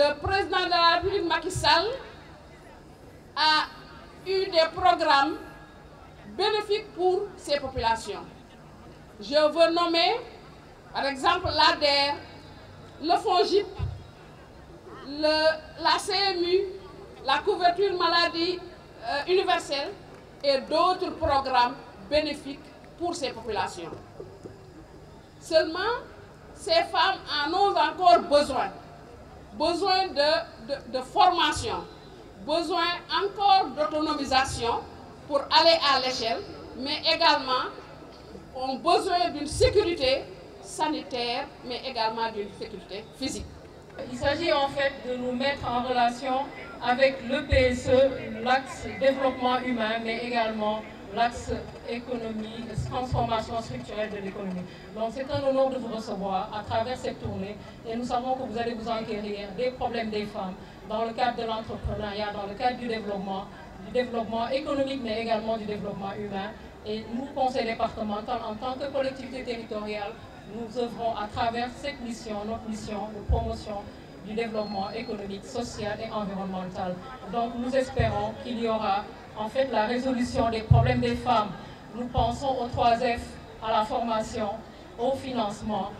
le président de la République Macky Sall a eu des programmes bénéfiques pour ces populations. Je veux nommer, par exemple, l'ADER, le FONGIP, la CMU, la couverture maladie euh, universelle et d'autres programmes bénéfiques pour ces populations. Seulement, ces femmes en ont encore besoin besoin de, de, formation, besoin encore d'autonomisation pour aller à l'échelle, mais également ont besoin d'une sécurité sanitaire, mais également d'une sécurité physique. Il s'agit en fait de nous mettre en relation avec le PSE, l'axe développement humain, mais également l'axe économie, transformation structurelle de l'économie. Donc c'est un honneur de vous recevoir à travers cette tournée et nous savons que vous allez vous enquérir des problèmes des femmes dans le cadre de l'entrepreneuriat, dans le cadre du développement, du développement économique mais également du développement humain. Et nous, Conseil départemental, en tant que collectivité territoriale, nous œuvrons à travers cette mission, notre mission de promotion du développement économique, social et environnemental. Donc nous espérons qu'il y aura en fait la résolution des problèmes des femmes. Nous pensons aux 3F, à la formation, au financement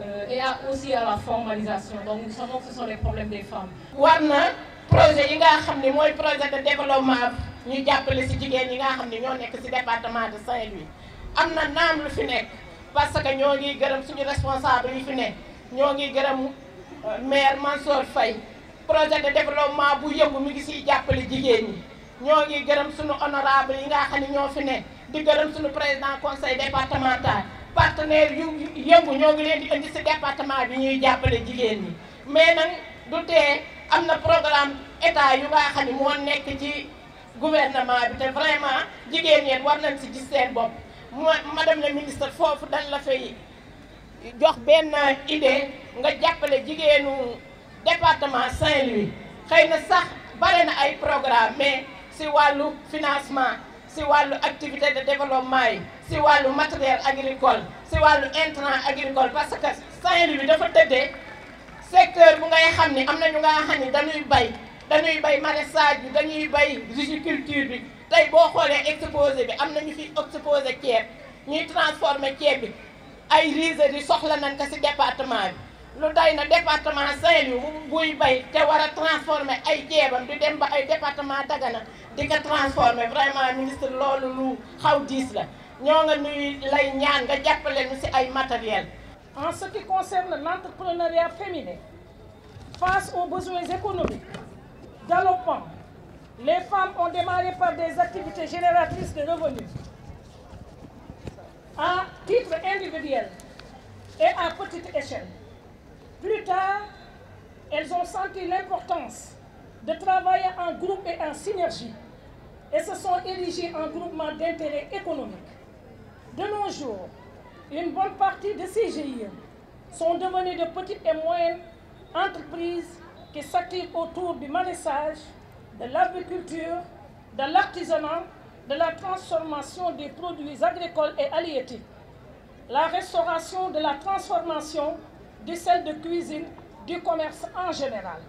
euh, et aussi à la formalisation. Donc nous savons que ce sont les problèmes des femmes. Warna projet yi nga projet de développement ñu jàppale les jigéen yi nga dans le ñoo département de Saint-Louis Nous na naam lu fi parce que nous sommes gërëm suñu responsable yi fi maire Mansour Faye projet de développement bu yëngu mi ngi siy jàppale jigéen ñi ñoo ngi gërëm suñu honorable yi nga xam ne ñoo fi ne di gërëm suñu président conseil départemental partenaire yu yëngu ñoo ngi leen di indi si département bi ñuy jàppale jigéen ñi mais nag du tee am na programme état yu nga xam ne moo nekk ci gouvernement bi te vraiment jigéen ñeen war nañ si gis seen bopp madame la ministre foofu dañ la fay jox benn idée nga jàppale jigéenu département Saint-Louis xëy na sax bare na ay programme mais si wàllu financement si wàllu activité de développement yi si wàllu matériel agricole si wàllu intrant agricole parce que Saint-Louis dafa tëddee secteur bu ngay xam ni am na ñu nga xam ni dañuy bay dañuy bay maraîchage bi dañuy bay riziculture bi tey boo xoolee exposé bi am na ñu fi exposé ceeb ñuy transformé ceeb bi ay riserie soxla nañ ko si département bi lu doy département Saint-Louis bu te transformer ay jeebam di dem ba ay département Dagana di transformer vraiment ministre loolu lu xaw diis la ñoo nga lay ñaan ci ay matériel en ce qui concerne l'entrepreneuriat féminin face aux besoins économiques galopants les femmes ont démarré par des activités génératrices de revenus à titre individuel et à petite échelle plus tard, elles ont senti l'importance de travailler en groupe et en synergie et se sont érigées en groupement d'intérêt économique. De nos jours, une bonne partie de ces GIE sont devenues de petites et moyennes entreprises qui s'activent autour du maraîchage, de l'agriculture, de l'artisanat, de la transformation des produits agricoles et halieutiques, la restauration de la transformation de celle de cuisine, du commerce en général.